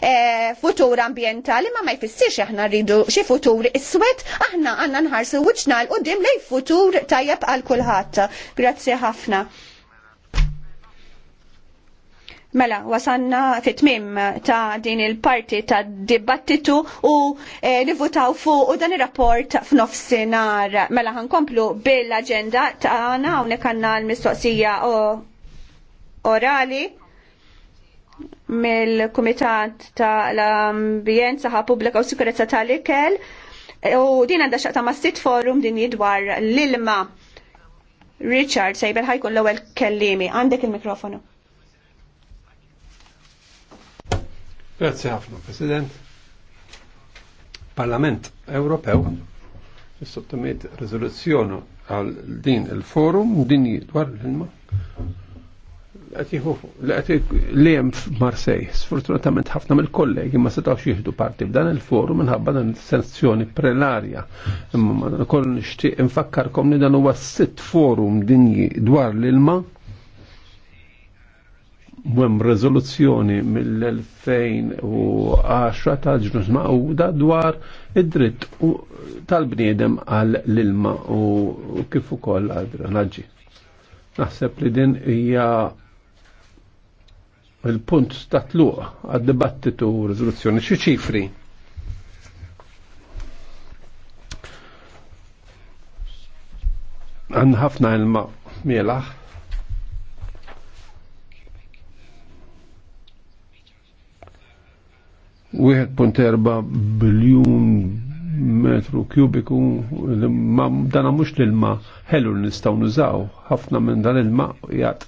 Eh, futur ambjentali ma ma jfissirx aħna rridu xi futur iswed aħna għandna nħarsu wiċċna l qudiem lejn futur tajjeb għal kulħadd. Grazzi ħafna. Mela, wasanna fit-tmim ta' din il-parti ta' dibattitu u e, nivutaw fuq u dan il-rapport f'nofsinar. Mela, ħankomplu bil-agenda ta' għana u nekanna l-mistoqsija orali mill-Kumitat tal-Ambjent Saħħa Pubblika u Sikurezza tal-Ikel u din għandha xaqta ma' sit forum din jidwar l-ilma. Richard Sejbel ħajkun l-ewwel kellimi. Għandek il-mikrofonu. Grazie ħafna, President. Parlament Ewropew sottomet riżoluzzjoni għal din il-forum din jidwar l-ilma li jem f'Marsej, sfortunatament ħafna mill-kollegi ma setawx jihdu parti f'dan il-forum minħabba dan sanzjoni prelarja. Imma koll nixtieq infakkarkom li dan huwa sitt forum dinji dwar l-ilma mwem rezoluzzjoni mill-2010 ta' ġnus maqda dwar id-dritt tal-bniedem għal l-ilma u kif ukoll għadra. drenaġġi Naħseb li din hija il-punt ta' tluq għad-dibattitu u rizoluzzjoni xi ċifri. Għan ħafna ilma mielaħ. Wieħed punt erba biljun metru kubiku ma dana mhux l-ilma ħelu nistgħu nużaw ħafna minn dan ilma jgħat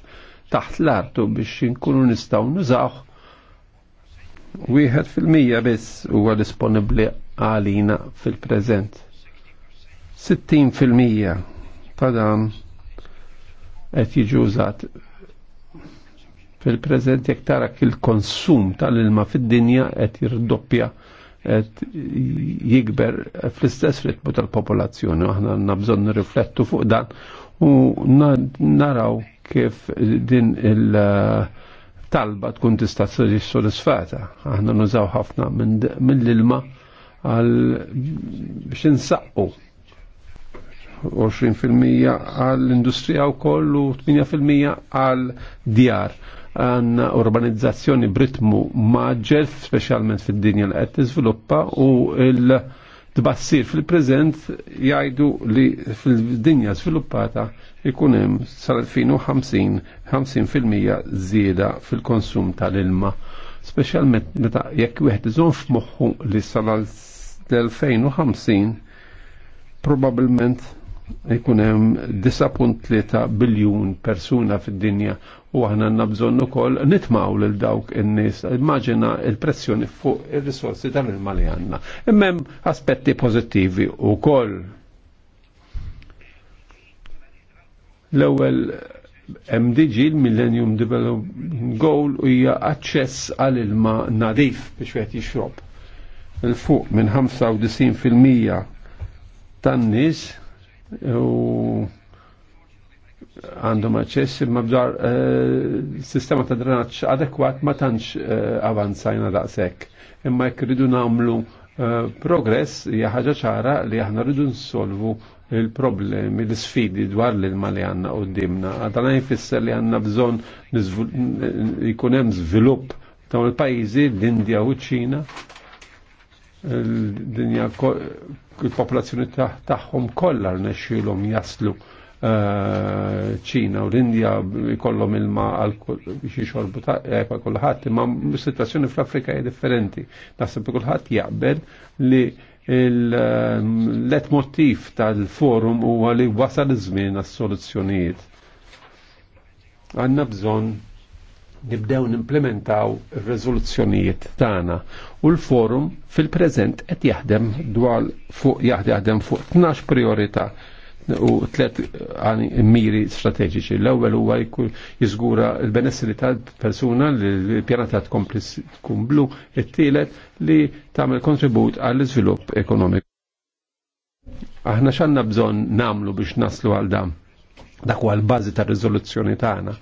taħt l-artu biex inkunu nistaw nużaw wieħed fil-mija biss huwa disponibbli għalina fil-preżent. 60% fil-mija ta' dan qed jiġi użat fil-preżent jekk tara il-konsum tal-ilma fid-dinja qed jirdoppja qed jikber fl-istess ritmu tal-popolazzjoni. Aħna għandna bżonn nirriflettu fuq dan u naraw kif din il-talba tkun tista' tiġi sodisfata. Aħna nużaw ħafna mill-ilma għal biex nsaqqu 20% għall-industrija u kollu 8% għall-djar għanna urbanizzazzjoni britmu maġġel, specialment fid-dinja li qed tiżviluppa u il- tbassir fil-prezent jgħidu li fil-dinja sviluppata ikunem hemm sal-2050 50% żieda fil-konsum tal-ilma. Speċjalment meta jekk wieħed iżon f'moħħu li sal-2050 probabbilment jkun hemm 9.3 biljun persuna fid-dinja u aħna għandna bżonn ukoll nitmaw lil dawk in-nies. Immaġina l-pressjoni fuq ir-risorsi tal-ilma li għandna. Imma hemm aspetti pożittivi wkoll. L-ewwel MDG, millennium Development Goal, u hija aċċess għal ilma nadif biex qed jixrob. Il-fuq minn 95% tan-nies u għandhom aċċess imma bdar eh, sistema ta' drenaġġ adekwat ma tantx eh, avanzajna daqshekk. Imma jekk rridu nagħmlu eh, progress hija ħaġa ċara li aħna rridu nsolvu il-problemi, l-sfidi dwar l-ilma li għanna qoddimna. Għadana jfisser li għanna bżon jkun hemm żvilupp ta' il-pajjiżi l-Indja u ċ-Ċina, l-dinja il-popolazzjoni tagħhom kollha rnexxielhom jaslu eh, ċina u l-Indja jkollhom ilma biex jixorbu tajba eh, kulħadd, imma s-sitwazzjoni fl-Afrika hija differenti. Naħseb kulħadd jaqbel li l-let motiv tal-forum huwa li wasal iż-żmien għas-soluzzjonijiet. Għandna bżonn nibdew nimplementaw ir-riżoluzzjonijiet tagħna u l-forum fil-preżent qed jaħdem dwar fuq jaħdem fuq 12 priorità u tlet eh, miri strateġiċi. L-ewwel huwa jiżgura l-benessri tal-persuna li l-pjanata tkompli tkun blu, it-tielet li tagħmel kontribut għall-iżvilupp ekonomiku. Aħna x'għandna bżonn namlu biex naslu għal dam dak huwa l-bażi tar-riżoluzzjoni tagħna.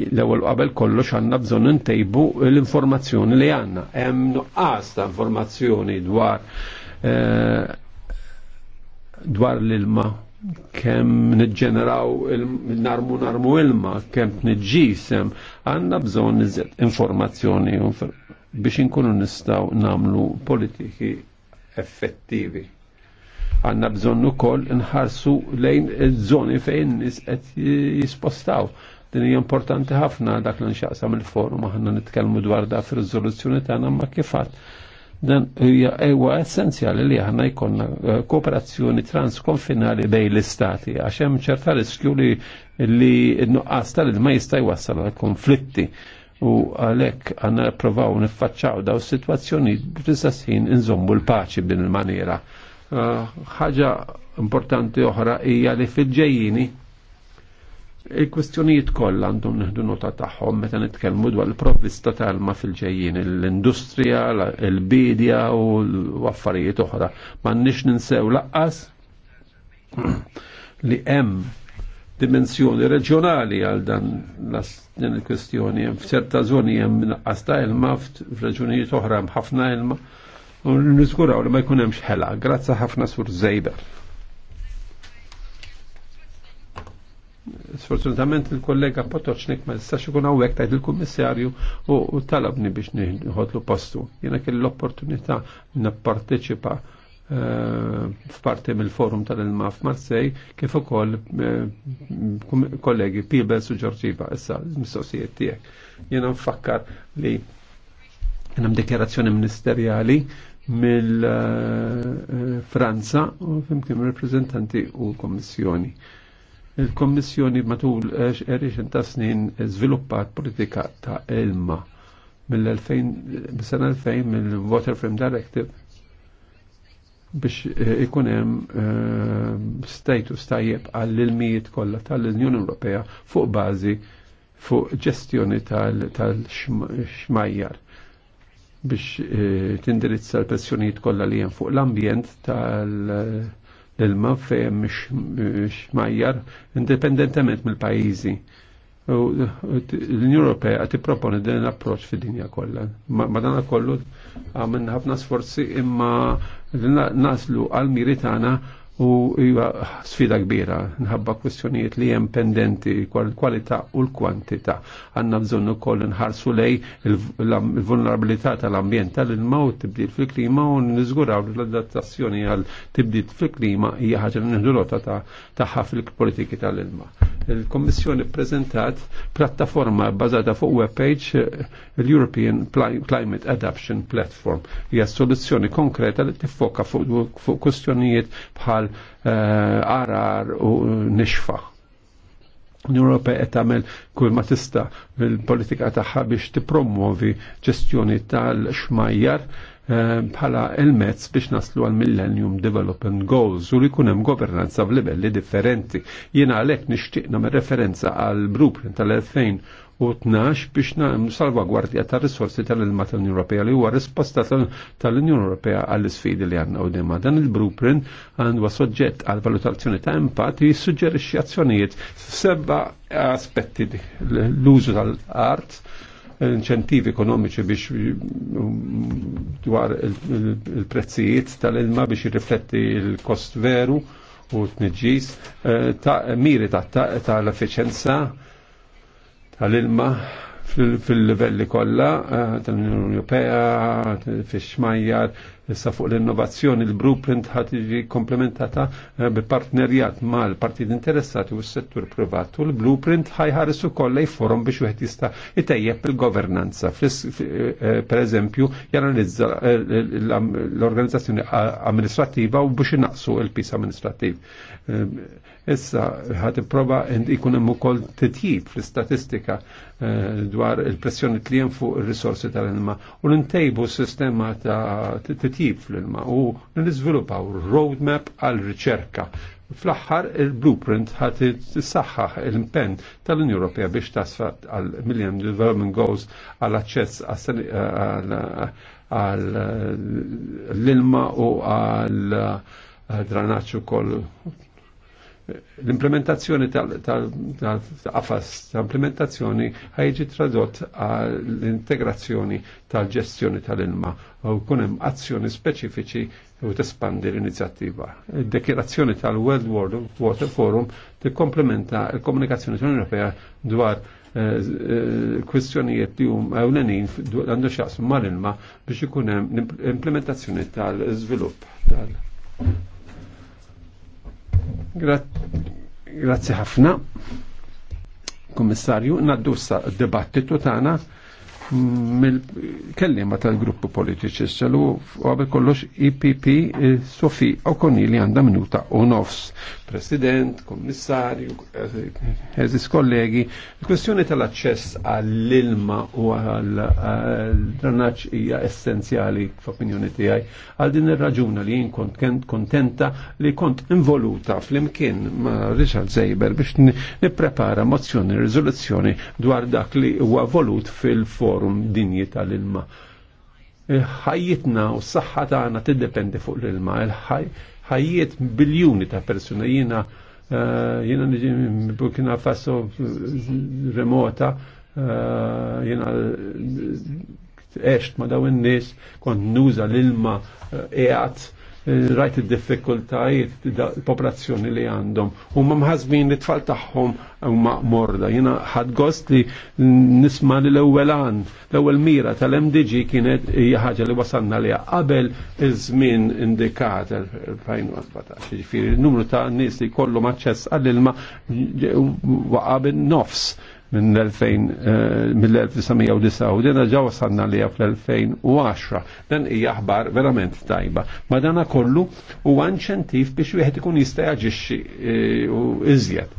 L-ewwel qabel kollox għandna bżonn intejbu l-informazzjoni li għandna. Hemm nuqqas ta' informazzjoni dwar eh, dwar l-ilma kemm niġġeneraw narmu narmu ilma, kemm nġisem, għandna bżonn informazzjoni biex inkunu nistgħu nagħmlu politiki effettivi. Għanna bżonnu kol nħarsu lejn id-żoni fejn nis qed jispostaw. Din hija importanti ħafna dak li nxaqsa il-forum aħna nitkellmu dwar da fir-riżoluzzjoni tagħna ma kifat. Dan hija ewa essenzjali li aħna jkollna eh, kooperazzjoni transkonfinali bejn l-istati għax hemm ċerta riskju li li nuqqas tal ma jista' jwassal għal konflitti u għalek għanna provaw nifacċaw daw situazzjoni fl-istess ħin inżommu l-paċi bin il-maniera ħaġa importanti oħra hija li fil-ġejjini il-kwistjonijiet kollha għandhom neħdu nota tagħhom meta nitkellmu dwar il-provvista tal-ma fil-ġejjin, l-industrija, il-bidja u l affarijiet oħra. M'għandniex ninsew laqqas li hemm dimensjoni reġjonali għal dan il-kwestjoni. F'ċerta żoni hemm naqqas ta' ilma, f'reġunijiet oħra hemm ħafna ilma u nizguraw li ma jkun hemmx ħela. Grazza ħafna sur Zejber. Sfortunatament il-kollega Potoċnik ma jistax ikun għawek tajt il-kummissarju u talabni biex nħodlu postu. Jiena kell l-opportunità napparteċipa eh, f'parti mill-forum tal-ilma Marsej kif ukoll eh, kollegi Pibels u Ġorġiva issa mistoqsijiet tiegħek. Jiena nfakkar li hemm dekjerazzjoni ministerjali mill-Franza u fimkim reprezentanti u kommissjoni. Il-kommissjoni matul 20 ta' snin zviluppat politika ta' ilma mill-2000 mill-Water Frame Directive biex eh, ikun hemm eh, status tajjeb għall-ilmijiet kollha tal-Unjoni Ewropea fuq bażi fuq ġestjoni tal-xmajjar biex eh, tindirizza l-pressjonijiet kollha li hemm fuq l-ambjent tal-ilma fejn mhix majjar indipendentement mill-pajjiżi. L-Unjoni Ewropea tipproponi din l-approċċ fid-dinja kollha. dan kollu għamilna ħafna sforzi imma naslu għal-miri tagħna u jwa sfida kbira nħabba kwistjonijiet li hemm pendenti kwalità u l-kwantità. Għandna bżonn ukoll nħarsu lej il-vulnerabilità tal-ambjent tal-ilma u tibdil fil-klima u niżguraw li l-adattazzjoni għal tibdil fil-klima hija ħaġa li nieħdu lota tagħha fil-politiki tal-ilma. Il-Kommissjoni prezentat plattaforma bbażata fuq webpage eh, l-European Climate Adaption Platform hija soluzzjoni konkreta li tiffoka fuq kwistjonijiet bħal bħal arar eh, u nixfa. L-Europa qed tagħmel kull ma tista' fil politika tagħha biex tippromuovi ġestjoni tal-xmajjar eh, bħala il-mezz biex naslu għal Millennium Development Goals u li jkun hemm governanza f'livelli differenti. Jiena għalhekk nixtieq mir referenza għal blueprint tal-2000 u 12 biex salvagwardja ta' risorsi tal-ilma tal-Unjoni Ewropea li huwa risposta tal-Unjoni Ewropea għall isfidi li għandna u Dan il-blueprint għandwa soġġett għal valutazzjoni ta' impatt li jissuġġerixxi azzjonijiet f'seb'a' aspetti l-użu tal-art inċentivi ekonomiċi biex mm, dwar il-prezzijiet tal-ilma biex jirrifletti il-kost veru u t-nġis, eh, miri ta' l-efficienza, għal ilma fil-livelli kollha eh, tal-Unjoni Ewropea, fix-xmajjar, issa fuq l-innovazzjoni, l blueprint ħad komplementata eh, bi partnerjat mal-partit interessati u s-settur privat u l-blueprint ħajħares ukoll kolla forum biex wieħed jista' itejjeb il-governanza. Eh, per eżempju, janalizza l-organizzazzjoni amministrativa u biex naqsu l-pis amministrattiv Issa ħad prova ikun hemm ukoll titjib fl-istatistika eh, dwar il-pressjoni li fuq ir-risorsi tal-ilma u l-intejbu s-sistema ta' titjib fl-ilma u nizvilupaw roadmap għal riċerka fl-aħħar il-blueprint ħat tissaħħaħ l-impenn tal-Unjoni Ewropea biex tasfat għal Millennium Development Goals għal aċċess għal ilma u għal dranaċċu kollu l-implementazzjoni tal-qafas, tal-implementazzjoni ħajġi tradott għall-integrazzjoni tal-ġestjoni tal-ilma u kunem azzjoni speċifiċi u t-espandi l-inizjattiva. dekirazzjoni tal-World World Water Forum tikkomplementa l-komunikazzjoni tal-Europea dwar eh, eh, kwistjonijiet li hum ewlenin għandu xaqsmu mal-ilma biex ikun hemm l-implementazzjoni tal-żvilupp tal-. -żvilupp, tal Grazzi ħafna. Kommissarju, naddu sa dibattitu tagħna mill kelliema tal-gruppi politiċi s u għabek kollox IPP Sofi u li għanda minuta u nofs. President, Kommissarju, eżis kollegi, il-kwestjoni tal-aċċess għall-ilma u għall drannaċ hija essenzjali f'opinjoni tiegħi għal din ir-raġuna li jien kontenta li kont involuta fl-imkien ma' Richard Zejber biex nipprepara mozzjoni riżoluzzjoni dwar dak li huwa volut fil-forum dinji tal-ilma. Ħajjitna u s-saħħa tagħna tiddependi fuq l-ilma, il-ħaj ħajiet biljuni ta' persuna jina eh, jina niġi Burkina Faso eh, remota eh, jina eċt ma daw n-nis kont nuża l-ilma qiegħed Eh, rajt id-diffikultajiet popolazzjoni li għandhom. Huma mħazmin li tfal tagħhom huma morda. Jiena ħad gost li nisma li l-ewwel għan, l-ewwel mira tal-MDG kienet jħagġa li wasanna li qabel iż-żmien indikat 2014. Ġifiri, n-numru ta' nies li jkollhom aċċess għall-ilma waqa' nofs Eh, mill-1909 u dina ġaw sanna li fl-2010. Dan hija aħbar verament tajba. Ma dana kollu u inċentiv biex wieħed ikun jista' jaġixxi eh, u iżjed.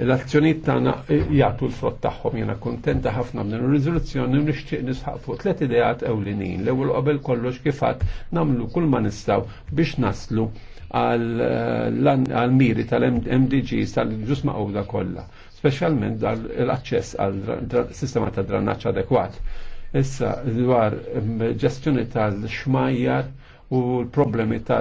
l azzjoniet tagħna eh, jagħtu l-frott tagħhom jiena kuntenta ħafna minn ir-riżoluzzjoni u nixtieq nisħaq fuq tliet ideat ewlenin. L-ewwel qabel kollox kif għad nagħmlu kull ma nistgħu biex naslu għal miri tal-MDGs tal-ġus maqoda kollha specialment l-aċċess għal sistema ta' drannaċ adekwat. Issa dwar mm, ġestjoni tal-xmajjar u l-problemi ta'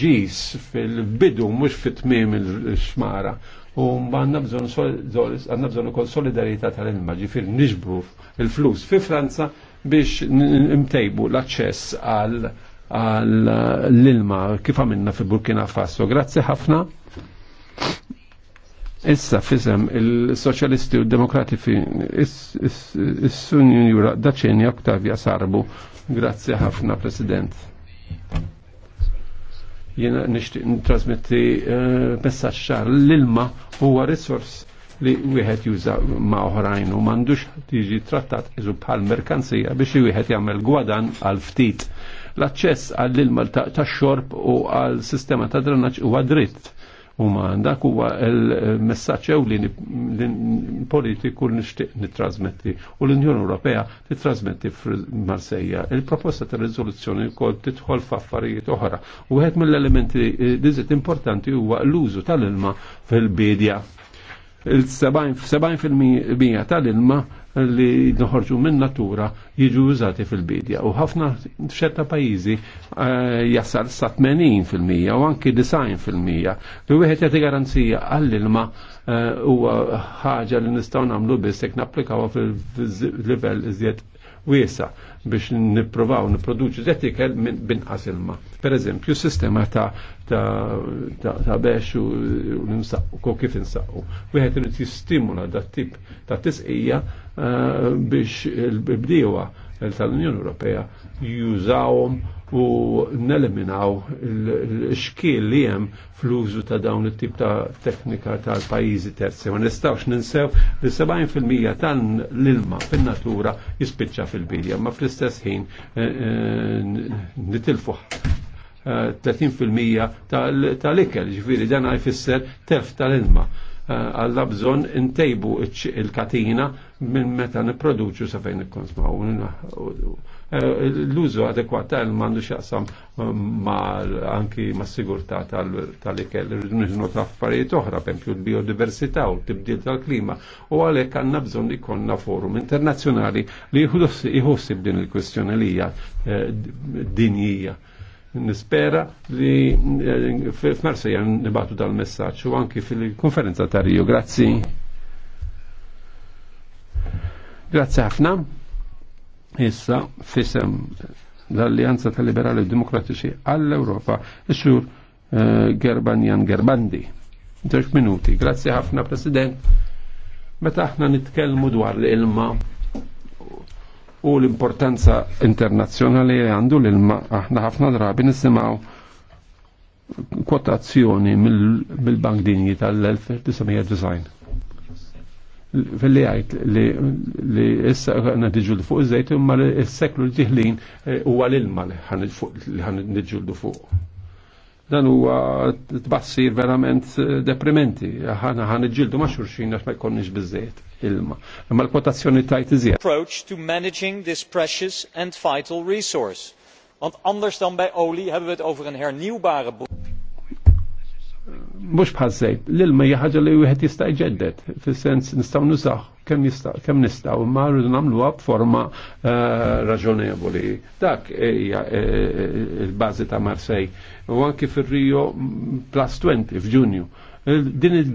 ġis fil-bidu mhux fit-tmiem il-xmara. U għanna bżon għanna bżon ukoll solidarità tal-ilma ġifir niġbru il-flus fi Franza biex imtejbu l-aċċess għal għall-ilma kif għamilna fi Burkina Faso. Grazzi ħafna. Issa fizem il-Soċjalisti u Demokratifi is-Sunjun Jura Daċenja Oktavja Sarbu. Grazzi ħafna, President. Jena nishtiq trasmetti eh, messaċ ċar l-ilma huwa risors li wieħed juża ma' oħrajn u m'għandux tiġi trattat iżu bħal merkanzija biex wieħed jagħmel gwadan għal ftit. L-aċċess għall-ilma tax-xorb u għal sistema ta' drenaġġ huwa dritt uman. Dak huwa l-messaġġ ewlieni politiku nixtieq nittrażmetti u l-Unjoni Ewropea titrasmetti f'Marsejja. Il-proposta ta' riżoluzzjoni wkoll tidħol f'affarijiet oħra u wieħed mill-elementi li importanti huwa l-użu tal-ilma fil-bidja il-70% tal-ilma li noħorġu minn natura jiġu użati fil-bidja. U ħafna f'xetta pajjiżi eh, jasal sa 80% u anki 90% li wieħed jagħti garanzija għall-ilma eh, huwa ħaġa li nistgħu nagħmlu biss jekk napplikawha fil-livell iżjed wiesa biex nipprovaw niproduċu zetikel minn binqas ilma. Per eżempju, sistema ta' ta' bex u nimsaqqu kif insaqqu. Wieħed irid jistimula dat tip ta' tisqija eh, biex il-bdiewa tal-Unjoni Ewropea jużawhom u neliminaw l-xkiel li hemm fl-użu ta' dawn it-tip ta' teknika tal-pajjiżi terzi. Ma nistgħux ninsew li 70% tal-ilma fin-natura jispiċċa fil-bidja, ma fl-istess ħin eh, eh, nitilfuħ 30% eh, tal-ikel, ġifiri dan jfisser terf tal-ilma. Eh, għalla bżon intejbu il-katina minn meta niproduċu sa fejn ikkonsmaw. Eh, l-użu adekwat tal-ilma għandu xaqsam anki ma' sigurta tal-ikel. Rridu affarijiet oħra, pempju l-biodiversità u t-tibdil tal-klima. U għalek għanna bżon ikonna forum internazzjonali li jħossib din il-kwestjoni li dinjija Nispera li eh, f'Marseja nibatu dal-messaġġ u anki fil-konferenza ta' Rio. Grazzi. Grazzi ħafna. Issa fisem l allianza tal-Liberali Demokratiċi għall-Europa, xur eh, Gerbanjan Gerbandi. Zewġ minuti. Grazzi ħafna, President. Meta aħna nitkellmu dwar l-ilma u l-importanza internazzjonali li għandu l-ilma. Aħna ħafna drabi nisimaw kwotazzjoni mill-Bank Dinji tal-1990. Fil-li għajt li issa għanna l fuq iż-żejt, imma s-seklu ġiħlin eh, u għal-ilma li ħan l fuq dan huwa tbassir verament eh, deprimenti. Ħana ħan iġildu ma xurxin għax ma jkollniex biżejt ilma. Imma l-kwotazzjoni tajt iżjed. Approach to managing this precious and vital resource. Want anders dan bij olie hebben we het over een hernieuwbare Mhux bħal żejt, l-ilma jħagġa li u wieħed jistaj ġeddet, fil sens nistaw nużaw kemm kem nistaw, ma rridu nagħmluha b'forma eh, raġonevoli. Dak hija eh, eh, il-bażi ta' Marsej. U anki fir-Rio mm, plus 20 f'Ġunju. Din il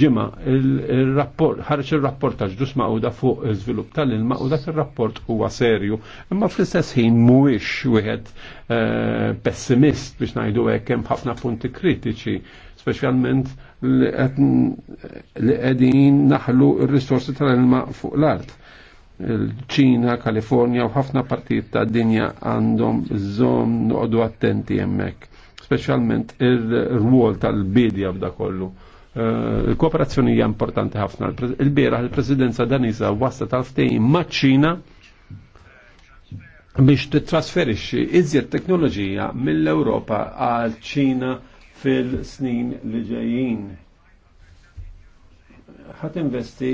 ġima il-rapport, ħarġ il-rapport ta' ġdus maqda fuq il-żvilupp tal-ilma u dak il-rapport huwa serju. Imma fl-istess ħin mhuwiex wieħed pessimist biex ngħidu hekk hemm ħafna punti kritiċi, speċjalment li qegħdin naħlu r-risorsi tal-ilma fuq l-art. ċina Kalifornja u ħafna partijiet ta' dinja għandhom żom noqdu attenti hemmhekk, speċjalment ir-rwol tal-bidja b'da kollu. Eh, il-kooperazzjoni hija importanti ħafna. Il-bieraħ il-Presidenza Danisa wasta tal ftejn maċ-Ċina biex titrasferixxi iżjed teknoloġija mill-Ewropa għal ċina fil-snin li ġejjin. Għat investi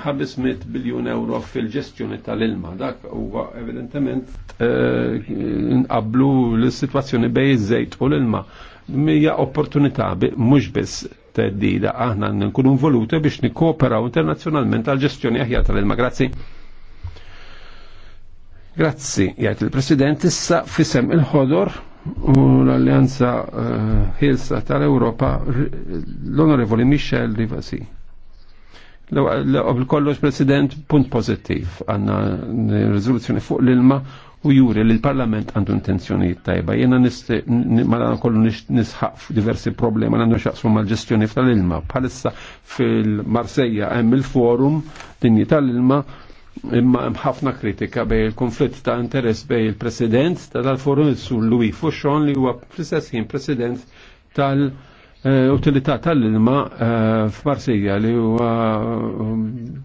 500 biljun euro fil-ġestjoni tal-ilma. Dak huwa evidentement eh, nqablu l-sitwazzjoni bej iż-żejt u l-ilma. Mija opportunità mhux biss teddida aħna nkunu involuti biex nikkooperaw internazzjonalment għal ġestjoni aħjar tal-ilma. Grazzi. Grazzi, jgħid il-President issa fisem il-ħodor u l-Alleanza Hilsa eh, tal-Europa l-Onorevoli Michel Rivasi. Qabel kollox, President, punt pozittiv għanna rizoluzzjoni fuq l-ilma u juri li l-Parlament għandu intenzjoni tajba. Jena malan kollu nisħaq diversi problemi għandu xaqsmu mal-ġestjoni tal-ilma. Palissa fil-Marsejja hemm il-forum dinji tal-ilma imma hemm ħafna kritika bej il-konflitt ta' interess bej il-President tal-Forum su Louis Fouchon li huwa fl-istess ħin President tal-Utilità eh, tal-Ilma eh, f'Marsija li huwa eh,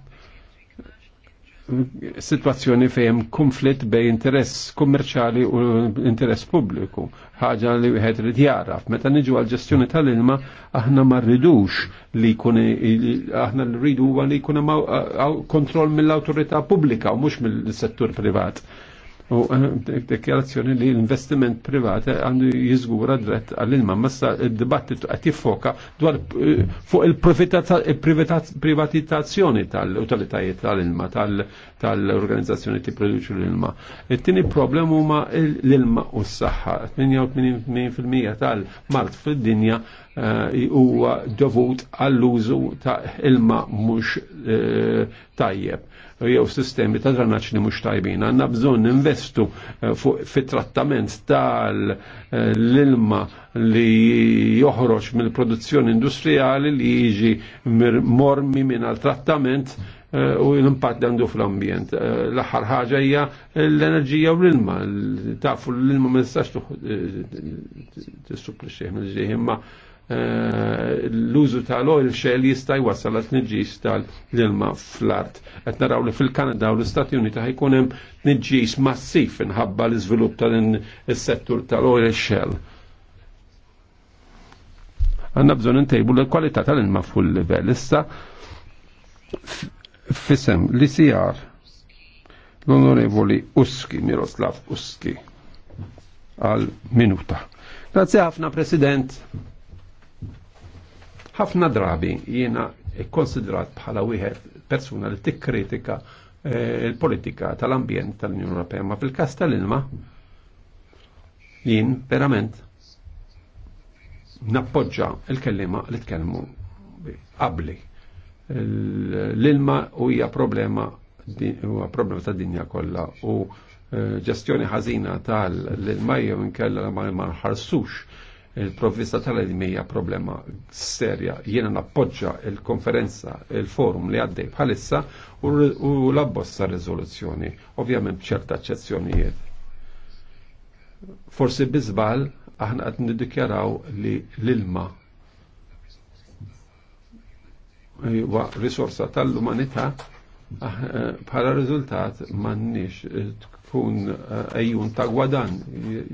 situazzjoni fejn konflitt bej interess kummerċali u interess pubbliku. ħaġa li wieħed rid jaraf. Meta niġu għal ġestjoni tal-ilma aħna ma rridux li jkun aħna rridu huwa li jkun kontroll mill-awtorità pubblika u mhux mill-settur privat u eh, dekjarazzjoni li l-investiment privat għandu jizgura dritt għall-ilma, massa il-dibattitu għati jiffoka dwar eh, fuq il-privatizzazzjoni tal-utilitajiet tal-ilma, tal-organizzazzjoni ti produċu l-ilma. Il-tini problem huma l-ilma u s-saxħa. 88% tal-mart fil-dinja huwa dovut għall-użu ta' ilma mhux eh, tajjeb jew sistemi ta' dranaċ li mhux tajbin. Għandna bżonn investu fit-trattament tal-ilma li joħroġ mill-produzzjoni industrijali li jiġi mormi minn trattament u l-impatt għandu fl-ambjent. L-aħħar ħaġa hija l-enerġija u l-ilma. Tafu l-ilma ma nistax tissupplixxih mill-ġejjin ma' Eh, l-użu tal-oil shell jista' jwassal għat nġis tal-ilma fl-art. Qed naraw li fil-Kanada u l-Istati Uniti ħajkun hemm tniġġis massif inħabba l-iżvilupp tal-settur tal-oil shell. Għanna bżon intejbu l-kwalità tal-ilma fuq livell Issa fisem li sijar l-onorevoli Uski, Miroslav Uski, għal minuta. Grazie ħafna, President. Ħafna drabi jiena konsidrat bħala wieħed persuna li tikkritika eh, il-politika tal-ambjent tal-Unjoni Ewropea, ma fil-każ tal-ilma jien verament nappoġġa il-kellima li tkellmu qabli. L-ilma huja problema huwa problema ta' dinja kollha u eh, ġestjoni ħażina tal-ilma jew inkella ma nħarsux Il-provvista tal edmija problema serja. Jiena nappoġġa il-konferenza, il-forum li għaddej bħalissa u l-abbozza riżoluzzjoni, ovvjament ċerta eċċezzjonijiet. Forsi bizbal aħna qed niddikjaraw li l-ilma wa risorsa tal umanita eh, bħala riżultat m'għandniex eh, tkun eh, ejjun ta' gwadan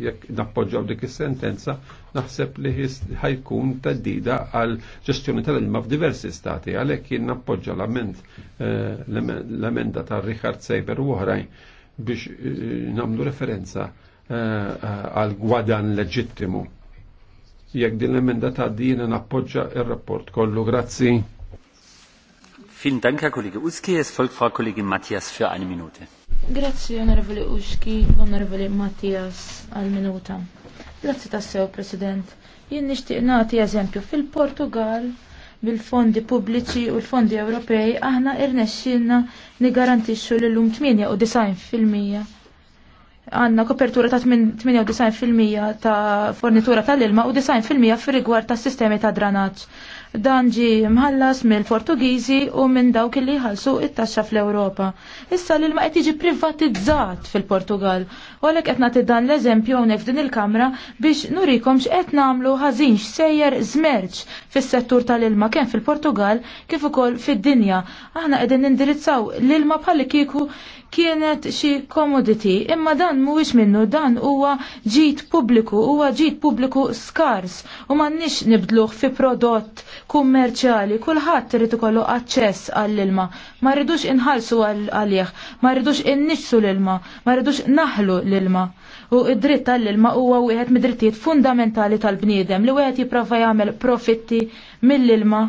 jekk nappoġġaw dik is-sentenza naħseb li ħajkun taddida għal ġestjoni tal-ilma f'diversi stati, għalhekk jien nappoġġa eh, l-emenda ta' Richard Seiber u oħrajn biex eh, nagħmlu referenza eh, għal gwadan leġittimu. Jekk din l-emenda ta' dina nappoġġa ir-rapport kollu, grazzi. Fin Dank, kollegi Uski. Es folgt Frau Kollegin Matthias für eine Minute. Grazie, onorevole Uski, onorevole Mattias, al minuta. Grazzi tassew, President. Jien nixtieq nagħti eżempju fil-Portugal bil-fondi pubbliċi u l-fondi Ewropej aħna irnexxilna nigarantixxu lil lum 98% għanna kopertura ta' 98% ta' fornitura tal-ilma u 90% fir rigward ta' sistemi ta' dranaġġ. Dan mħallas mill-Portugiżi u minn dawk li ħalsu it-taxxa fl-Ewropa. Issa l ma qed jiġi privatizzat fil-Portugal. U għalhekk qed nagħti dan l-eżempju unek din il-Kamra biex nurikom x'qed nagħmlu ħażin sejjer zmerċ fis-settur tal-ilma kemm fil-Portugal kif ukoll fid-dinja. Aħna qegħdin nindirizzaw l-ilma bħalli kieku kienet xi komoditi, imma dan mhuwiex minnu dan huwa ġid pubbliku, huwa ġid pubbliku skars u m'għandniex nibdluh fi prodott kummerċjali, kulħadd irid ikollu aċċess għall-ilma. Ma rridux inħalsu għalih, ma rridux innixsu l-ilma, ma rridux naħlu l-ilma. U id-dritt tal-ilma huwa wieħed mid-drittijiet fundamentali tal-bniedem li wieħed jipprova jagħmel profitti mill-ilma.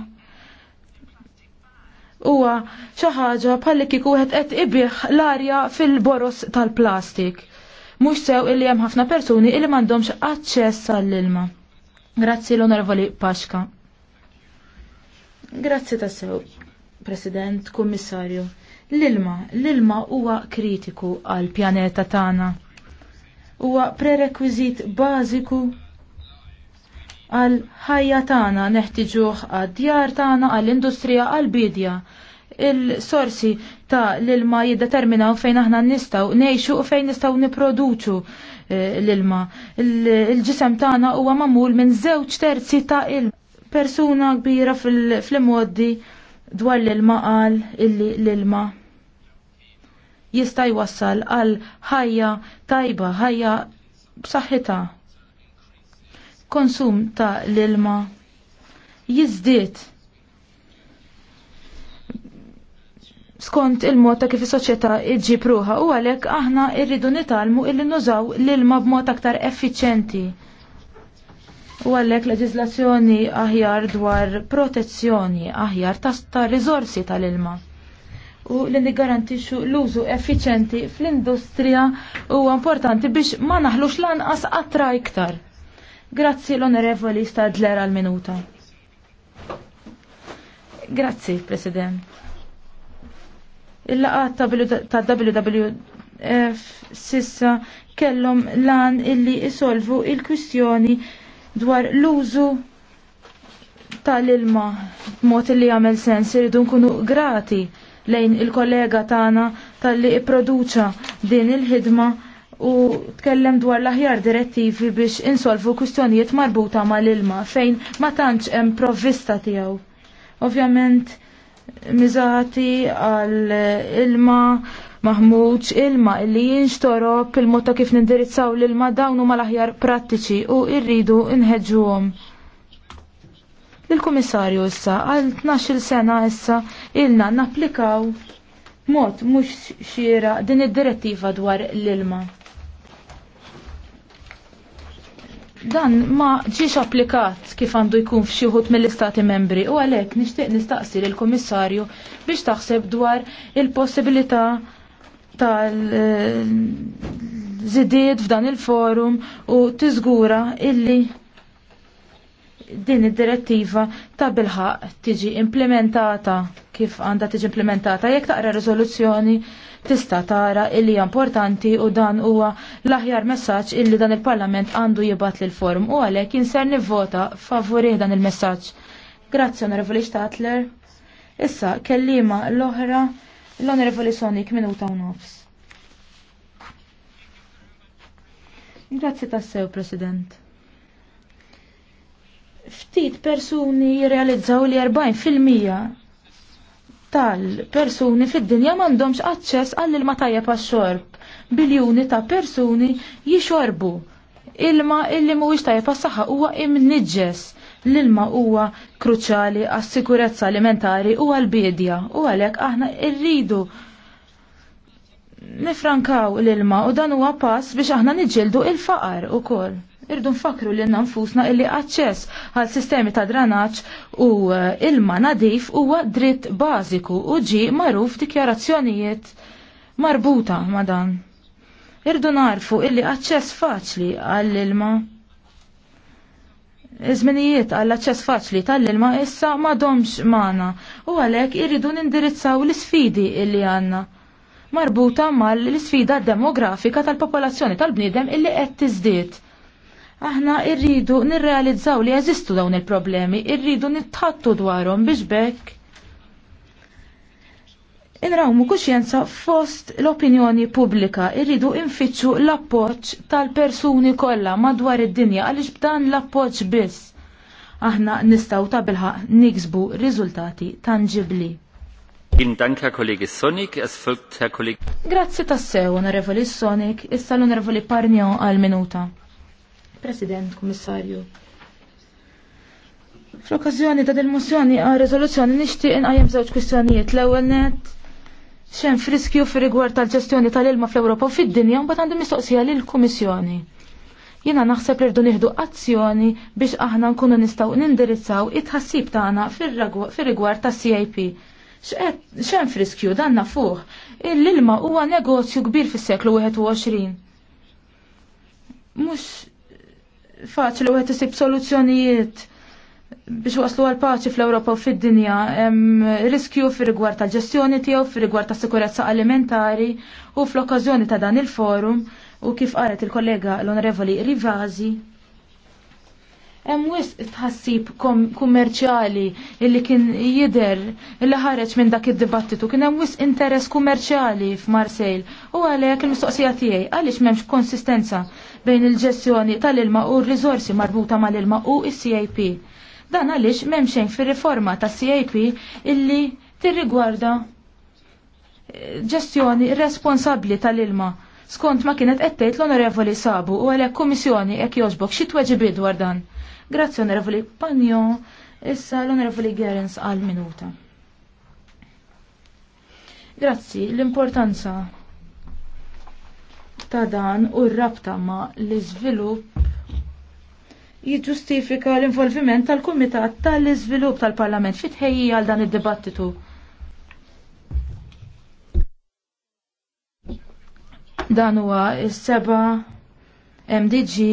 Huwa xi ħaġa bħalli kieku wieħed qed ibih l-arja fil-boros tal-plastik mux sew illi hemm ħafna persuni illi m'għandhomx aċċess għall-ilma. Grazzi l onorvoli Paxka. Grazzi ta sew President, Kummissarju. L-ilma, l-ilma huwa kritiku għal pjaneta tagħna. Huwa prerekwiżit bażiku għal ħajja tagħna neħtiġuh għad-djar tagħna għall-industrija għall-bidja il-sorsi ta' l-ilma jiddeterminaw fejn aħna nistaw nejxu u fejn nistaw niproduċu eh, l-ilma. Il-ġisem tagħna huwa mamul minn żewġ terzi ta' ilma persuna kbira fil-modi dwar l-ilma qal illi l-ilma jista' jwassal għal ħajja tajba, ħajja b'saħħitha. Konsum ta' l-ilma jiżdied skont il-mod ta' kif is-soċjetà iġġib pruħa u għalhekk aħna rridu nitalmu illi nużaw l-ilma b'mod aktar effiċjenti u għallek leġizlazzjoni aħjar dwar protezzjoni aħjar ta' rizorsi tal-ilma u li garantixu l-użu effiċenti fl-industrija huwa importanti biex ma naħlux lanqas attra iktar. Grazzi l-Onorevoli Stadler għal minuta. Grazzi, President. Il-laqat ta' WWF sissa kellhom lan illi isolvu il-kwistjoni il kwistjoni dwar l-użu tal-ilma b'mod li jagħmel sens irridu nkunu grati lejn il-kollega tagħna tal-li ipproduċa din il-ħidma u tkellem dwar l-aħjar direttivi biex insolvu kwistjonijiet marbuta mal-ilma fejn ma tantx hemm provvista tiegħu. Ovvjament miżati għal ilma maħmuġ ilma illi jinxtorok il-motta kif nindirizzaw l-ilma dawnu mal-aħjar prattiċi u irridu nħedġuhom. Il-komissarju issa għal 12 sena issa ilna napplikaw mod mhux xira din id-direttiva dwar l-ilma. Dan ma ġiex applikat kif għandu jkun f'xieħut mill-istati membri u għalhekk nixtieq nistaqsi lill-Kummissarju biex taħseb dwar il-possibilità tal-zidiet f'dan il-forum u tiżgura illi din id-direttiva ta' bilħaq tiġi implementata kif għandha tiġi implementata. Jekk taqra rizoluzzjoni tista' tara illi hija importanti u dan huwa l-aħjar messaġġ illi dan il-Parlament għandu jibgħat lil forum u għalhekk inser nivvota favorih dan il-messaġġ. Grazzi Onorevoli Statler. Issa kellima l-oħra L-Onorevoli Sonic, minuta u nofs. Grazzi tassew, President. Ftit persuni jirrealizzaw li 40% tal-persuni fid-dinja m'għandhomx aċċess għall ilma tajjeb għax-xorb. Biljuni ta' persuni jixorbu ilma illi mhuwiex tajjeb għas-saħħa huwa imniġġes l-ilma huwa kruċjali għas-sikurezza alimentari u għall-bidja u għalhekk aħna rridu nifrankaw l-ilma u dan huwa pass biex aħna niġġieldu il-faqar ukoll. Irdu nfakru li nfusna illi aċċess għal sistemi ta' dranaġġ u eh, ilma nadif huwa dritt bażiku u ġi magħruf dikjarazzjonijiet marbuta ma' dan. Irdu narfu illi aċċess faċli għall-ilma Iżminijiet għall aċċess faċli tal-ilma issa ma domx magħna u għalhekk irridu nindirizzaw l-isfidi illi għandna marbuta mal-isfida demografika tal-popolazzjoni tal-bniedem illi qed tiżdied. Aħna irridu nirrealizzaw li jeżistu dawn il-problemi, irridu nittħattu dwarhom biex bekk inrawmu kuxjenza fost l-opinjoni pubblika irridu infittxu l-appoġġ tal-persuni kollha madwar id-dinja għaliex b'dan l-appoġġ biss. Aħna nistgħu tabilħa niksbu riżultati tangibbli. Dank, Herr Sonic. Es ta' kollegi. Grazzi Grazzi tassew, onorevoli Sonic. Issa l-onorevoli Parnio għal-minuta. President, Kommissarju. Fl-okkazjoni ta' dil-mozzjoni għal rezoluzzjoni nixtieq inqajjem żewġ kwistjonijiet. L-ewwel net xem friskju fi rigward tal-ġestjoni tal-ilma fl-Ewropa u fid-dinja mbagħad għandi mistoqsija lil kummissjoni. Jiena naħseb li rdu nieħdu azzjoni biex aħna nkunu nistgħu nindirizzaw it-ħassib tagħna fir-rigward tas-CIP. X'hemm friskju dan nafuh, l-ilma huwa negozju kbir fis-seklu 21. Mhux faċli wieħed isib soluzzjonijiet biex waslu għal paċi fl-Ewropa u fid-dinja, riskju fi rigward tal-ġestjoni tiegħu, fi rigward ta' sikurezza alimentari u fl-okkażjoni ta' dan il-forum u kif qalet il-kollega l-Onorevoli Rivazi. Hemm wisq tħassib kummerċjali illi kien jider illi ħareġ minn dak id-dibattitu kien hemm wisq interess kummerċjali f'Marsejl u għalhekk il-mistoqsija tiegħi għaliex m'hemmx konsistenza bejn il-ġestjoni tal-ilma u r-riżorsi marbuta mal-ilma u s-CIP Dan għaliex m'hemm xejn fir-riforma ta' CAP illi tirrigwarda eh, ġestjoni responsabbli tal-ilma. Skont ma kienet qed tgħid l-Onorevoli Sabu u għalhekk komissjoni ek jogħġbok xi weġibid dwar dan. Grazzi Onorevoli Panjo, issa l-Onorevoli Gerens għal minuta. Grazzi, l-importanza ta' dan u r-rabta ma' l-iżvilupp jiġġustifika l-involviment tal-Kumitat tal-Iżvilupp tal-Parlament xi tħejji għal dan id-dibattitu. Dan huwa is-seba' MDG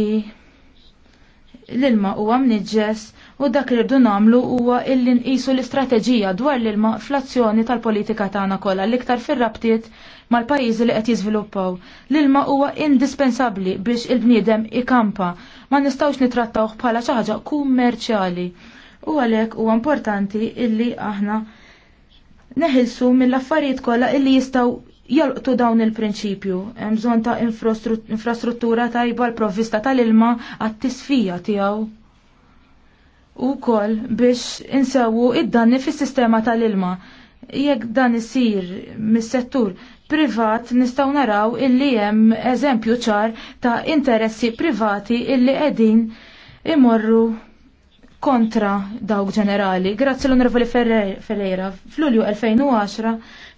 l-ilma huwa mniġġes u dak li rridu nagħmlu huwa illi nqisu l-istrateġija dwar l-ilma fl-azzjoni tal-politika tagħna kollha l-iktar fir-rabtiet mal-pajjiżi li qed jiżviluppaw. L-ilma huwa indispensabbli biex il-bniedem ikampa, ma nistgħux nitrattawh bħala xi ħaġa kummerċjali. U għalhekk huwa importanti illi aħna neħilsu mill-affarijiet kollha illi jistgħu jolqtu dawn il-prinċipju, hemm bżonn ta' infrastruttura tajba l-provvista tal-ilma għat-tisfija tiegħu u kol biex insewu id-danni fis-sistema tal-ilma. Jekk dan isir mis-settur privat nistaw naraw illi hemm eżempju ċar ta' interessi privati illi qegħdin imorru kontra dawk ġenerali. Grazzi l-Onorevoli Ferreira, fl-Ulju 2010,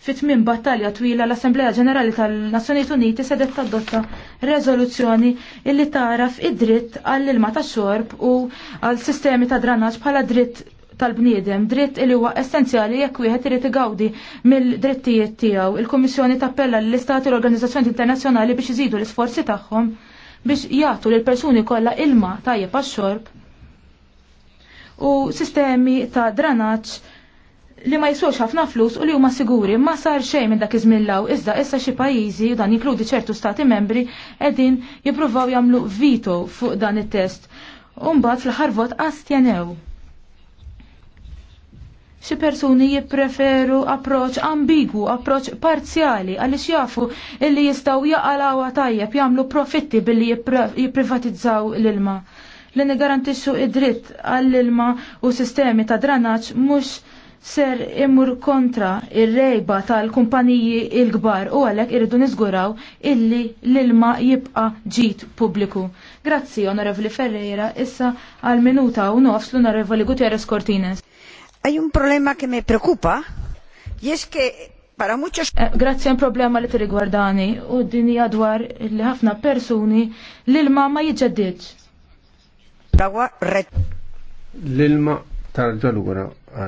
fit min battalja twila l-Assemblea Ġenerali tal-Nazzjonijiet Uniti sedet tadotta rezoluzzjoni illi taraf id-dritt għall-ilma ta' xorb u għall sistemi ta' dranaġġ bħala dritt tal-bniedem, dritt li huwa essenzjali jekk wieħed irid igawdi mill-drittijiet tiegħu. Il-Kummissjoni tappella l-Istati u l-Organizzazzjoni Internazzjonali biex iżidu l-isforzi tagħhom biex jagħtu lill persuni kollha ilma tajjeb għax-xorb u sistemi ta' dranaġġ li ma jiswex ħafna flus u li huma siguri ma sar xejn minn dak iżmillaw iżda issa xi pajjiżi u dan jinkludi ċertu stati membri qegħdin jippruvaw jagħmlu vito fuq dan it-test. U mbagħad fl-aħħar vot astjenew. Xi persuni jippreferu approċ ambigu, approċ parzjali għaliex jafu illi jistgħu jaqalawha tajjeb jagħmlu profitti billi jipprivatizzaw l-ilma li nigarantixxu id-dritt għall-ilma u sistemi ta' dranaġġ mhux ser imur kontra ir-rejba tal-kumpaniji il-kbar u għalhekk irridu niżguraw illi l-ilma jibqa' ġid pubbliku. Grazzi Onorevoli Ferreira issa għal minuta u nofs l-Onorevoli Gutierrez Cortines. Għaj un problema che me preocupa jeske es que para muchos eh, Grazie un problema li tirigwardani u dinija dwar li ħafna persuni l-ilma ma jiġġeddiġ Dawa red. L-ilma tarġalura għura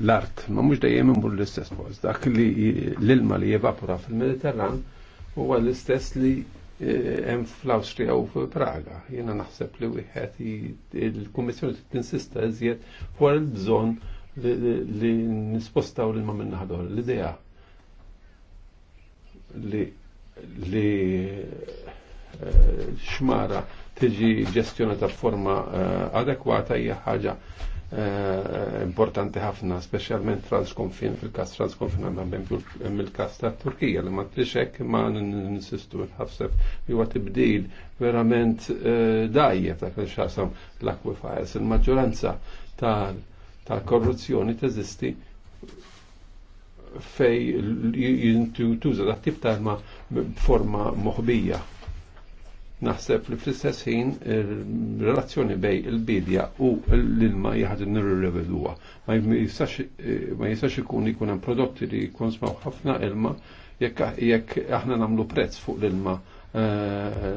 l-art, ma mux dejjem imbur l-istess post. Dak li l-ilma li jevapora fil-Mediterran huwa l-istess li eh, hemm fl-Awstrija u Praga. Jiena naħseb li wieħed il-Kummissjoni tinsista iżjed fuq il-bżonn li nispostaw l-ilma minn naħdor. L-idea li li eh, xmara tiġi ġestjonata uh, adekwata hija ħaġa eh, importanti ħafna, specialment transkonfin, fil-kas transkonfin għamman mill-kas ta' Turkija, li ma' trixek ma' n-insistu li għat tibdil verament eh, dajja ta' kħan xasam l-aquifiers. Il-maġġoranza tal-korruzzjoni teżisti fej jintu tuża l-attiv ta' ma' forma moħbija Naħseb li fl-istess ħin relazzjoni bej il-bidja u l-ilma jħad n-nirru riveduwa. Ma jistax ikun ikun hemm prodotti li jkun smaw ħafna ilma jekk aħna namlu prezz fuq l-ilma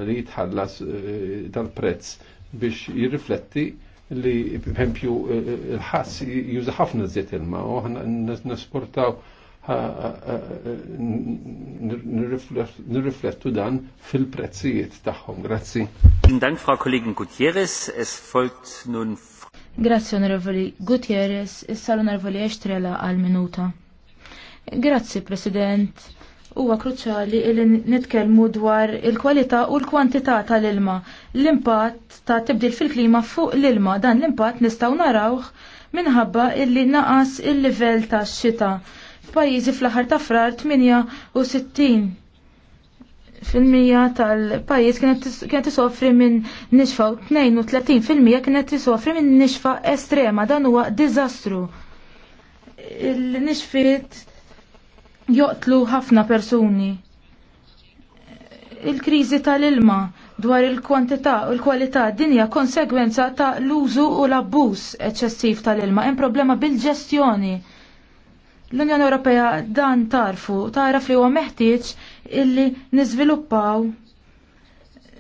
li jitħallas dal-prezz biex jirrifletti li, per l-ħass juża ħafna ziet ilma u aħna nesportaw nirriflettu dan fil-prezzijiet tagħhom. Grazzi. Dank Frau Kollegin Gutierrez, es folgt nun Grazzi onorevoli Gutierrez, issa l-onorevoli Estrella għal minuta. Grazzi President. Huwa kruċjali li nitkellmu dwar il-kwalità u l-kwantità tal-ilma. L-impatt ta' tibdil fil-klima fuq l-ilma dan l-impatt nistgħu narawh minħabba illi naqas il-livell tax-xita f'pajjiżi fl-aħħar ta' frar 68 fil-mija tal-pajjiż kienet isofri minn nixfa u 32 fil-mija kienet isofri minn nixfa estrema dan huwa diżastru. Il-nixfiet joqtlu ħafna persuni. Il-kriżi tal-ilma dwar il-kwantità u l-kwalità dinja konsegwenza ta' l-użu u l-abbuż eċċessiv tal-ilma. Hemm problema bil-ġestjoni L-Unjoni Ewropea dan tarfu, taraf li huwa meħtieġ illi niżviluppaw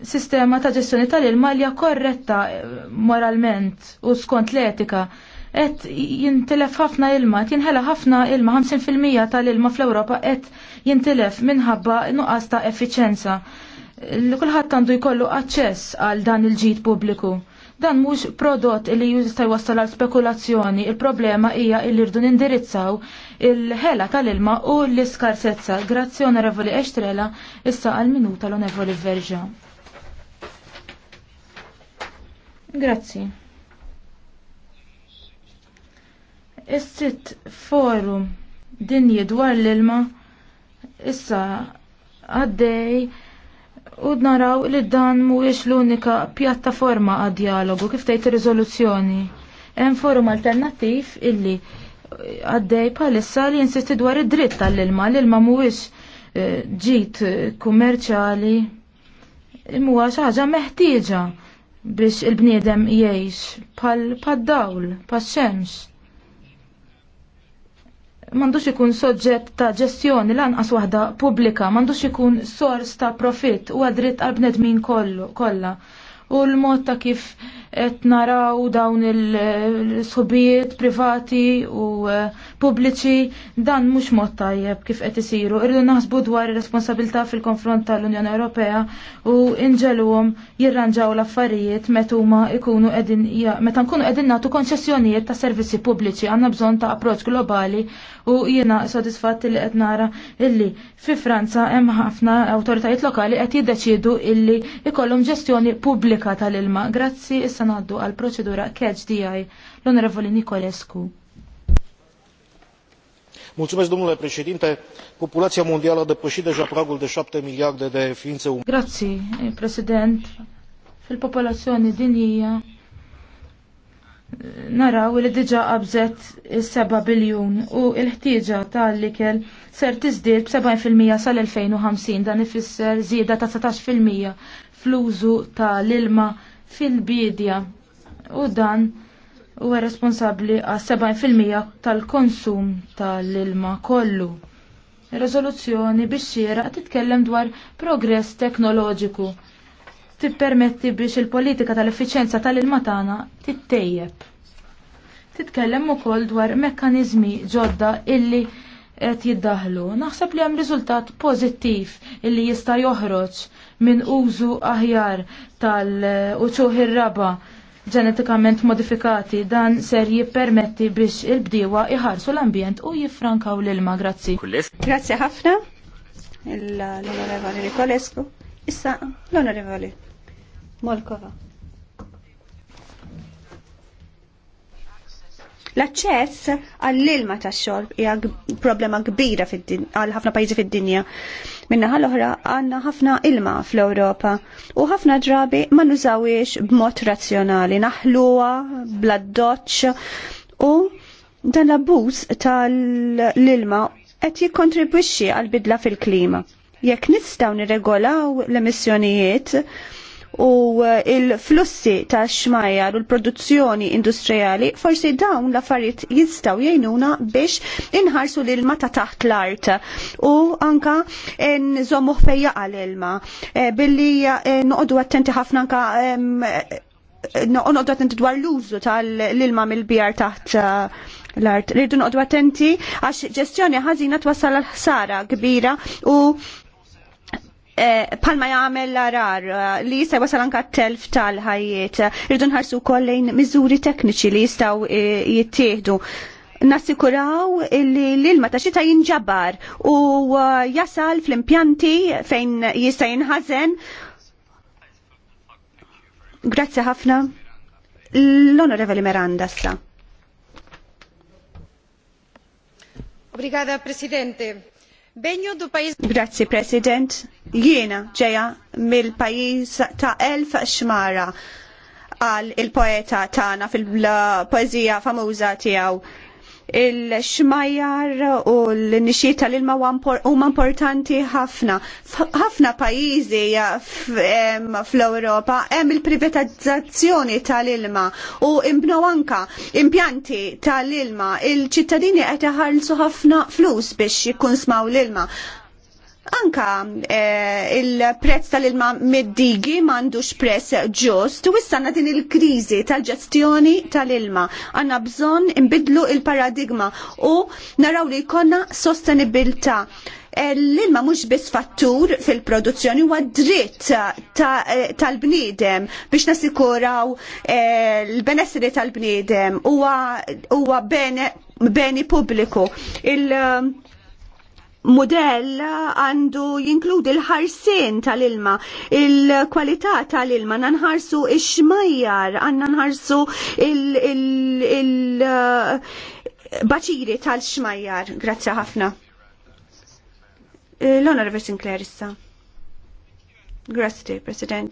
sistema ta' ġestjoni tal-ilma li korretta eh, moralment u skont l-etika qed jintilef ħafna ilma, tinħela ħafna ilma, 50% tal-ilma fl-Ewropa qed jintilef minħabba nuqqas ta' effiċenza. Kulħadd għandu jkollu aċċess għal dan il-ġid pubbliku. Dan mhux prodott li jista' jwassal għal spekulazzjoni, il-problema hija li rridu nindirizzaw il-ħela tal-ilma u l-iskarsezza. Grazzi onorevoli Estrela, issa għal minuta l-onorevoli Verġa. Grazzi. Is-sitt forum dinji dwar l-ilma issa għaddej u naraw li dan mhuwiex l-unika pjattaforma għad dialogu kif tgħid ir-riżoluzzjoni. Hemm forum alternattiv illi għaddej bħalissa li jinsisti dwar id-dritt tal-ilma, l-ilma mhuwiex eh, ġid eh, kummerċjali imwa għax ħaġa meħtieġa biex il-bniedem jgħix bħal dawl, pal xemx mandux ikun soġġett ta' ġestjoni lanqas waħda pubblika, mandux ikun sors ta' profit u għadrit għal-bnedmin kollha. U l-mod ta' kif qed naraw dawn il subijiet privati u eh, pubbliċi dan mhux mod tajjeb kif qed isiru. Irdu naħsbu dwar ir-responsabilità fil-konfront tal-Unjoni Ewropea u inġeluhom jirranġaw l-affarijiet meta huma ikunu qegħdin meta nkunu qegħdin nagħtu konċessjonijiet ta' servizzi pubbliċi għandna bżonn ta' approċċ globali u jiena sodisfatt li qed nara illi fi Franza hemm ħafna awtoritajiet lokali qed jiddeċiedu illi ikollhom ġestjoni pubblika tal-ilma. Grazzi issa ngħaddu għal proċedura catch DI l-Onorevoli Nikolescu populația mondială a depășit deja pragul de 7 miliarde de ființe umane. Grazzi, eh, President. Fil-popolazzjoni dinjija eh, naraw li diġa qabżet is-7 biljun u l-ħtieġa tal-ikel ser tiżdied b'70% sal-2050 dan ifisser żieda ta' 19% fl-użu tal-ilma fil-bidja u dan huwa responsabbli għas 70% tal-konsum tal-ilma kollu. Rezoluzzjoni biex xieraq titkellem dwar progress teknoloġiku. Tippermetti biex il-politika tal efficienza tal-ilma tagħna tittejjeb. Titkellem ukoll dwar mekkaniżmi ġodda illi qed jiddaħlu. Naħseb li hemm riżultat pożittiv illi jista' joħroġ minn użu aħjar tal-uċuħ ir-raba' ġenetikament modifikati dan ser jippermetti biex il-bdiewa iħarsu l-ambjent u jiffrankaw l-ilma grazzi. Grazzi ħafna l-onorevoli Nikolescu. Issa l-onorevoli Molkova. L-aċċess għall-ilma tax-xorb hija problema kbira għal ħafna pajjiżi fid-dinja. Minna l-oħra għanna ħafna ilma fl-Ewropa u ħafna drabi ma nużawiex b'mod razzjonali, naħluha bla doċċ u dan l-abbuż tal-ilma qed jikkontribwixxi għal bidla fil-klima. Jekk nistgħu nirregolaw l-emissjonijiet, u eh, il-flussi ta' xmajjar u l-produzzjoni industrijali, forsi dawn l-affarijiet jistaw jgħinuna biex inħarsu l-ilma ta' taħt l-art u anka nżommu fejja għal-ilma. Eh, billi eh, noqdu attenti ħafna anka noqdu attenti dwar l-użu tal-ilma mill-bjar taħt l-art. Rridu noqdu attenti għax ġestjoni ħażina twassal l-ħsara kbira u Eh, palma jagħmel l-arar eh, li jista' wasal anke telf tal-ħajjiet. Irridu nħarsu wkoll lejn miżuri tekniċi li jistgħu eh, jittieħdu nassikuraw li l-ilma ta' xita jinġabar u jasal fl-impjanti fejn jista' jinħazen. Grazzi ħafna. L-Onorevoli Miranda sa. Obrigada, Presidente Grazzi President, jiena ġeja mill-pajis ta' elf xmara għal il-poeta tana fil-poezija famuża tiegħu il-xmajjar u l-nixi tal-ilma huma importanti ħafna. ħafna pajjiżi fl-Ewropa hemm il-privatizzazzjoni tal-ilma u imbnu anka impjanti tal-ilma il-ċittadini qed iħallsu ħafna flus biex jikun smaw l-ilma. Anka eh, il-prezz tal-ilma meddigi mandux prezz ġust u wissanna din il-krizi tal-ġestjoni tal-ilma. Għanna bżon imbidlu il-paradigma u naraw li konna sostenibilta. Eh, l-ilma mux bis fattur fil-produzzjoni huwa dritt eh, tal-bniedem biex nasikuraw eh, l-benessri tal-bniedem huwa bene beni pubbliku. Il- Model għandu jinkludi l-ħarsin tal-ilma, il-kwalità tal-ilma, nanħarsu ix-xmajjar, għanna nħarsu il-baċiri uh, tal-xmajjar. Grazzi ħafna. Eh, L-Honorable Sinclair issa. Grazzi, President.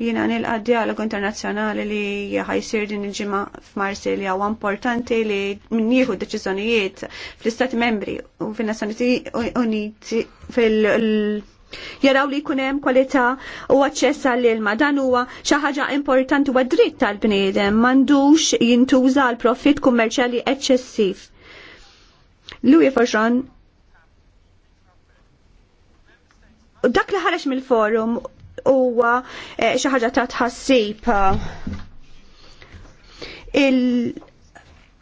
Jina nilqa dialogu internazzjonali li ħajsir din il-ġimgħa f'Marsilja li huwa importanti li min jieħu deċiżjonijiet fl-Istati Membri u fin-Nazzjonijiet Uniti fil- jaraw li jkun hemm kwalità u aċċess għall ilma dan huwa xi ħaġa importanti wa dritt tal-bniedem m'għandux jintuża għal profitt kummerċjali eċċessiv. Louis Forjon dak li ħareġ mill-forum huwa eh, xi ħaġa ta' tħassib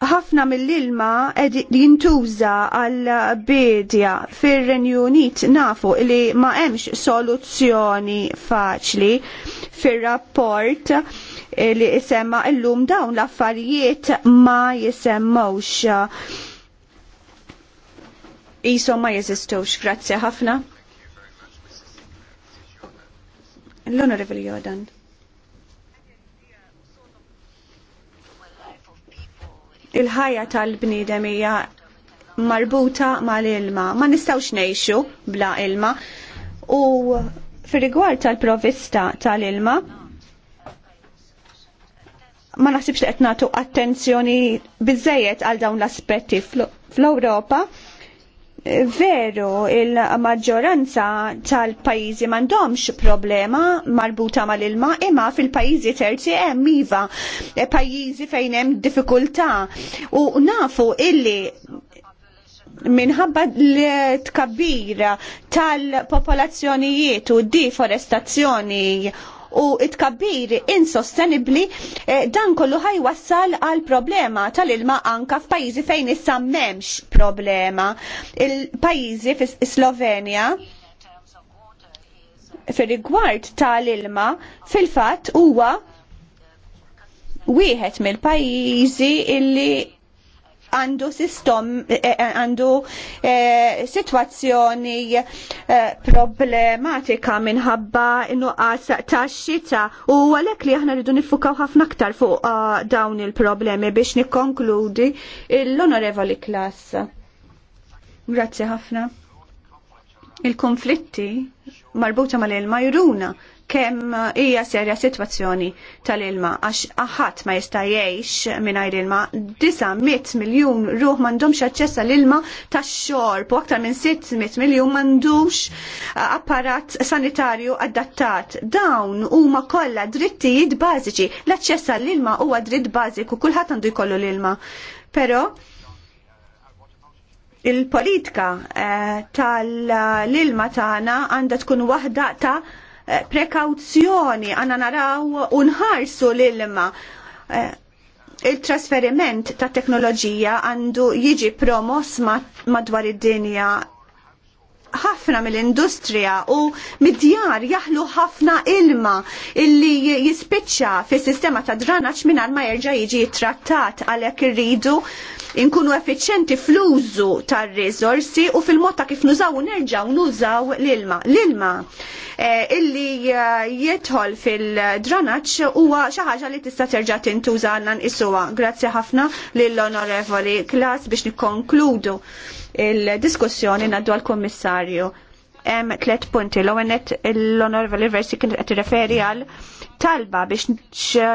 ħafna mill-ilma jintuża għal bedja fir-Renju Unit nafu li ma hemmx soluzzjoni faċli fir-rapport eh, li jisemma illum dawn l-affarijiet ma jisemmawx. Isom ma jeżistux, grazzi ħafna. L-Onorevoli Jordan. Il-ħajja tal bnidem hija marbuta mal-ilma. Ma nistgħux nejxu bla ilma. U fir-rigward tal-provista tal-ilma, ma naħsibx li qed nagħtu attenzjoni biżejjed għal dawn l-aspetti fl-Ewropa. Fl veru il-maġġoranza tal-pajjiżi m'għandhomx problema marbuta mal-ilma imma fil-pajjiżi terzi hemm iva pajjiżi fejn hemm diffikultà u nafu illi minħabba l-tkabbir tal-popolazzjonijiet u deforestazzjoni u it-kabbir insostenibli eh, dan kollu ħajwassal għal problema tal-ilma anka f'pajjiżi fejn issa m'hemmx problema. Il-pajjiżi fis-Slovenja fir-rigward tal-ilma fil-fatt huwa wieħed mill-pajjiżi illi għandu sistom, eh, eh, għandu eh, situazzjoni problematika minħabba nuqqas ta' xita u għalek li aħna rridu nifukaw ħafna aktar fuq dawn il-problemi biex nikkonkludi l-onorevoli Klas. Grazie ħafna. Il-konflitti marbuta mal-ilma juruna kemm hija serja sitwazzjoni tal-ilma għax aħat ma jista' jgħix mingħajr ilma 900 miljun ruħ m'għandhomx aċċess għall-ilma tax-xorb u aktar minn 600 miljun m'għandux apparat sanitarju adattat. Dawn huma kollha drittijiet bażiċi. L-aċċess għall-ilma huwa dritt bażiku, kulħadd għandu jkollu l-ilma. Però il-politika eh, tal-ilma tagħna għandha tkun waħda ta' Eh, Prekauzzjoni għanna naraw unħarsu l-ilma eh, il-trasferiment ta' teknoloġija għandu jiġi promos madwar id-dinja ħafna mill-industrija u mid-djar jaħlu ħafna ilma illi jispiċċa fis sistema ta' dranaċ mingħajr ma jerġa' jiġi trattat għalhekk irridu nkunu effiċjenti fl-użu tar-riżorsi u fil-mod ta' kif nużaw u nerġgħu nużaw l-ilma. L-ilma eh, illi eh, jidħol fil-dranaċ huwa xi ħaġa li tista' terġa' tintuża għandna nqisuha. Grazzi ħafna lill-Onorevoli Klas biex nikkonkludu il-diskussjoni naddu għal-Kommissarju. Hemm tliet punti l għenet l-Onorevoli Versi kien qed referi għal talba biex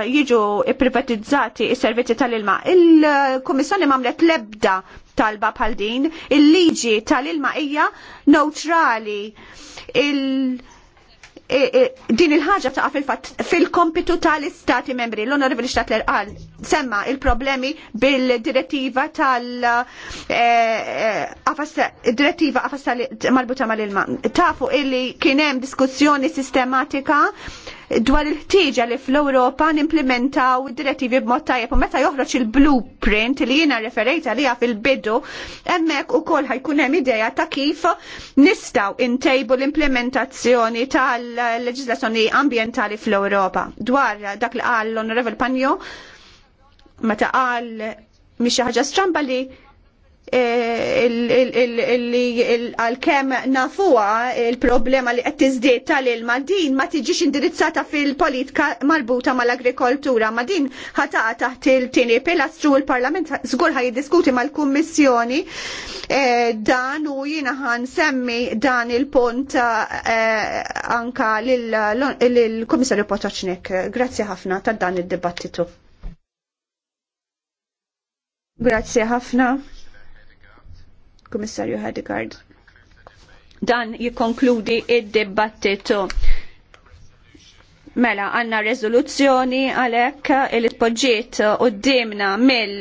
jiġu privatizzati s-servizzi tal-ilma. Il-Kummissjoni mamlet lebda talba bħal din, il-liġi tal-ilma hija neutrali. Il E, e, din il-ħaġa taqa fil-fatt fil-kompitu tal-istati membri. L-onorevoli Statler qal semma il-problemi bil-direttiva tal-direttiva e, għafas marbuta mal-ilma. Tafu illi kienem diskussjoni sistematika dwar il-ħtieġa li fl-Ewropa nimplementaw id-direttivi b'mod tajjeb u meta joħroġ il-blueprint li jiena referejta liha fil-bidu, hemmhekk ukoll ħajkun hemm idea ta' kif nistgħu intejbu l-implementazzjoni tal-leġislazzjoni ambjentali fl-Ewropa. Dwar dak li qal l-Onorevol Panjo meta qal mhix ħaġa stramba li għal-kem nafuwa il-problema li qed tiżdied tal-ilma din ma tiġix indirizzata fil-politika marbuta mal-agrikoltura ma din ħataqa taħt il-tieni pilastru l-Parlament diskuti ma mal-Kummissjoni eh, dan u jina ħan semmi dan il-punt eh, anka lill-Kummissarju Potoċnik. Grazzi ħafna ta' dan id-dibattitu. Grazie ħafna. Komissarju Hedegaard. Dan jikonkludi id-dibattitu. Mela, għanna rezoluzzjoni għalek il-tpoġġiet u d-dimna mill